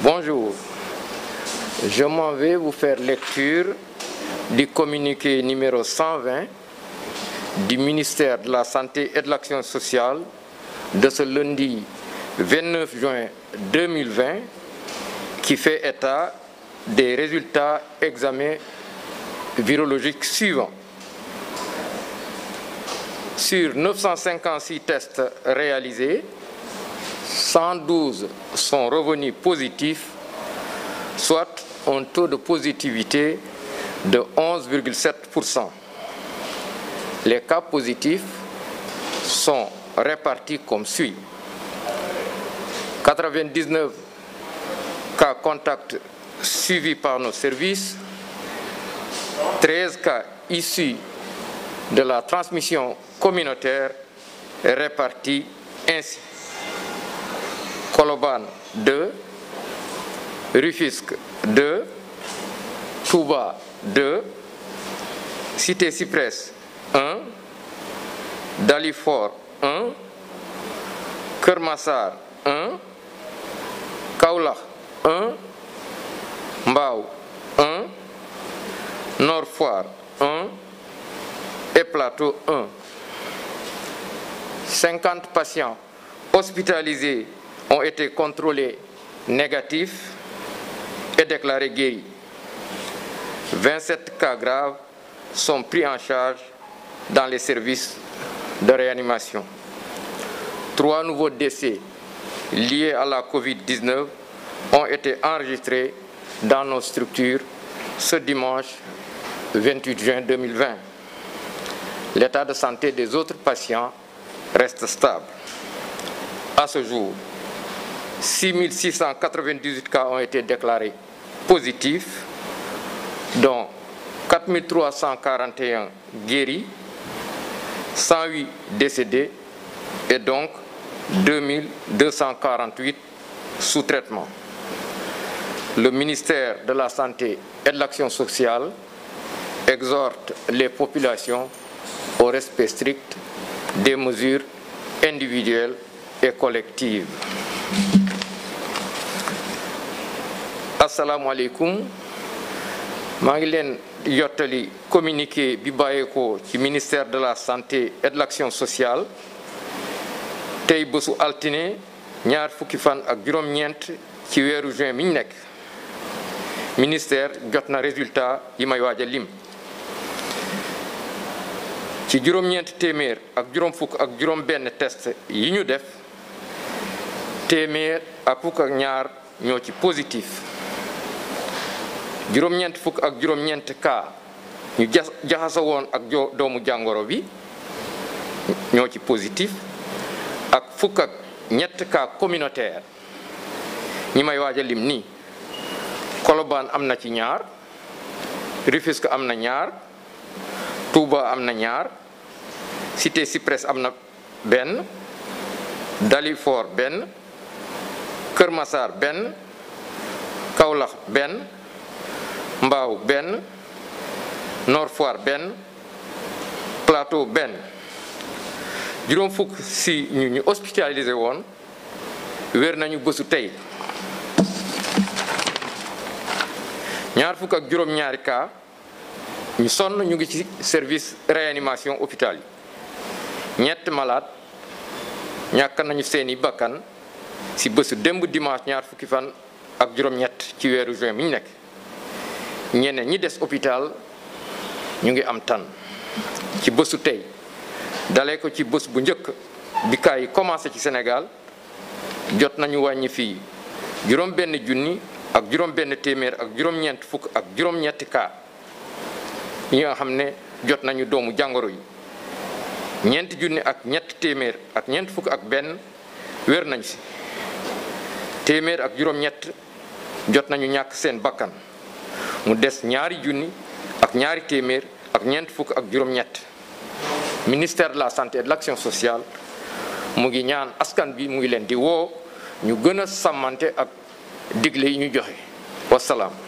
Bonjour, je m'en vais vous faire lecture du communiqué numéro de la Santé et sociale de ce juin 2020 qui fait état des résultats examens virologiques suivants. Sur 956 tests réalisés, 112 sont revenus positifs, soit un taux de positivité de 11,7%. Les cas positifs sont répartis comme suit. 99 cas contacts suivis par nos services, 13 cas issus de la transmission communautaire est répartie ainsi. Colobane 2, Rufisque 2, Touba 2, Cité Cyprès 1, Dalifort 1, Kermassar 1, Kaulach 1, Mbao 1, Nord et Plateau 1. 50 patients hospitalisés ont été contrôlés négatifs et déclarés guéris. 27 cas graves sont pris dans les services de réanimation. Trois nouveaux à la COVID-19 ont été enregistrés dans nos structures ce dimanche 28 juin 2020. l'état de santé des autres patients reste stable. À ce jour, 6 698 cas ont été déclarés positifs, dont 4 341 guéris, 108 décédés et donc 2248 sous traitement. Le ministère de la Santé et sociale exhorte populations au respect strict des mesures individuelles et collectives. asalaamualeykum maa ngi leen yottali communiqué bi bàyyeekoo ci ministère de la santé et de l'action sociale tey bésu altine ñaar fukki fan ak juróom-ñeent ci weeru juin mi ñu nekk ministère jot na résultat yi may waaj lim. ci juróom-ñeenti téeméer ak juróom fukk ak juróom benn test yi ñu def téeméer ak fukk ak ñaar ñoo ci positif juróom-ñeent fukk ak juróom-ñeent cas ñu jaxasa woon ak doomu jàngoro bi ñoo ci positif ak fukk ak ñett cas communautaire ñi may waaj a lim nii Colobane am na ci ñaar Rufisque am na ñaar Touba am na ñaar Cité Cyprès am na benn dalifor benn kërmasaar benn Kaolack benn Mbao benn Nord benn Plateau benn juróom fukk si ñu hospitalisé woon wér nañu bësu tey ñaar fukk ak juróom-ñaari cas ñu sonn ñu ngi ci service réanimation hôpital yi ñett malade ñàkk nañu seeni bakkan ci bésu démb dimanche ñaar fukki fan ak juróom-ñett ci weeru juin mi ñu nekk ñeneen ñi des hôpital ñu ngi am tan ci bësu tey dalee ko ci bës bu njëkk bi cas yi commencé ci senegal jot nañu wàññi fii juróom benn junni ak juróom benn téeméer ak juróom-ñeent fukk ak juróom-ñetti cas ñi nga xam ne jot nañu doomu jàngoro yi ñeenti junni ak ñetti téeméer ak ñeent fukk ak benn wér nañ si téeméer ak juróom-ñett jot nañu ñàkk seen bakkan mu des ñaari junni ak ñaari téeméer ak ñeent fukk ak juróom-ñett ministère de la santé et de l'action sociale mu ngi ñaan askan bi mu leen di woo ñu gën a sàmmante ak digle yi ñu joxe wasalaam.